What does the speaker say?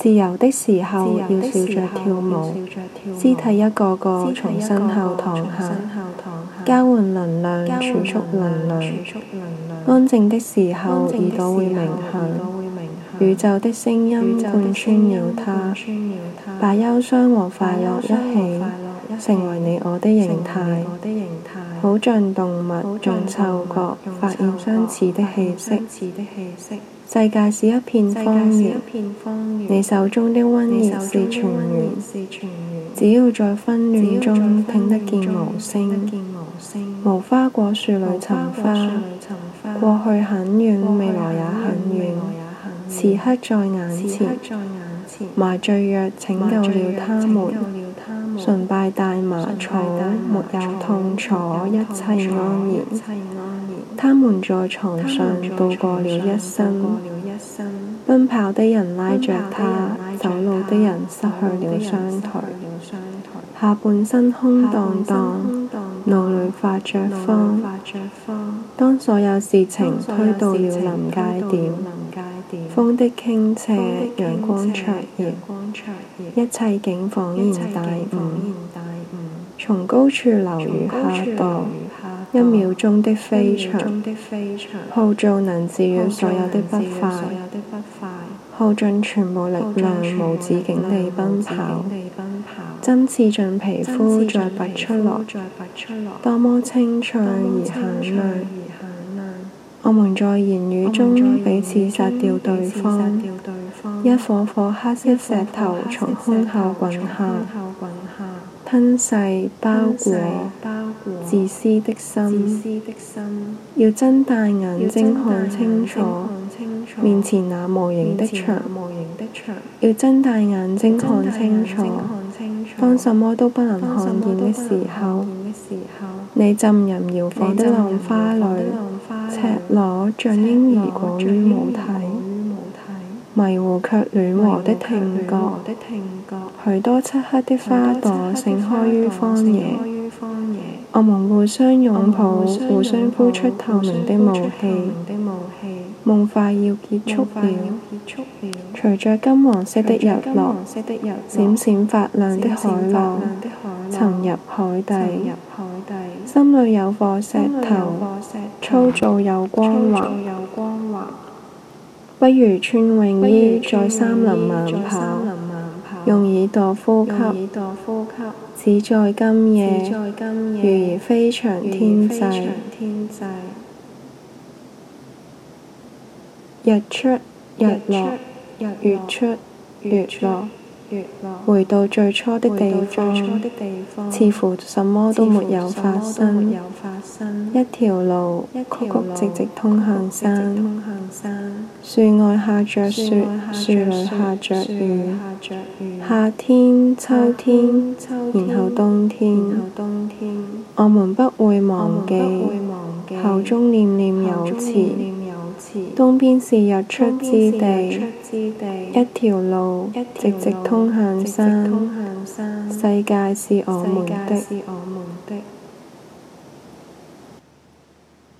自由的時候，要笑着跳舞；屍體一個個從身後躺下，交換能量，儲蓄能量。安靜的時候，耳朵會鳴響，宇宙的聲音貫穿了他，把憂傷和快樂一起，成為你我的形態。好像動物用嗅覺發現相似的氣息，世界是一片荒原。你手中的溫熱是泉源，傳只要在紛亂中聽得見無聲。無，聲無花果樹裡尋花，花花過去很遠，未來也很遠。很遠此刻在眼前，眼前麻醉藥拯救了他們。崇拜大麻草，沒有痛楚，一切安然。他們在床上度過了一生。奔跑的人拉着他，走路的人失去了雙腿，下半身空蕩蕩，腦裡發着慌。當所有事情推到了臨界點。風的傾斜，陽光炙熱，一切竟恍然大悟。從高處樓宇下墜，一秒鐘的飛翔，泡澡能治癒所有的不快，耗盡全部力量無止境地奔跑，針刺進皮膚，再拔出來，多麼清脆而響亮。我們在言語中彼此殺掉對方，一顆顆黑色石頭從胸口滾下，吞噬包裹自私的心。要睜大眼睛看清楚面前那無形的牆。要睜大眼睛看清楚，當什麼都不能看見的時候，你浸入搖晃的浪花裡。赤裸像嬰兒裹於母體，迷糊却暖和的聽覺。許多漆黑的花朵盛開於荒野，我們互相擁抱，互相呼出透明的霧氣。夢快要結束，要結束了，隨著金黃色的日落，閃閃發亮的海浪，沉入海底。海底心裏有顆石頭，石頭粗糙又光滑，光滑不如穿泳衣在山林慢跑，用耳朵呼吸，只在今夜，今夜魚兒飛翔天際。日出日落，月出月落，月落，回到最初的地方，似乎什麼都沒有發生。發生一條路，條路曲曲直直通向山。樹外下着雪，樹裡下，下，下着雨。夏天、秋天，秋天然後冬天。冬天我們不會忘記，忘記口中念念，念有詞。東邊是日出之地，之地一條路，一路直直通向山。世界是我們的。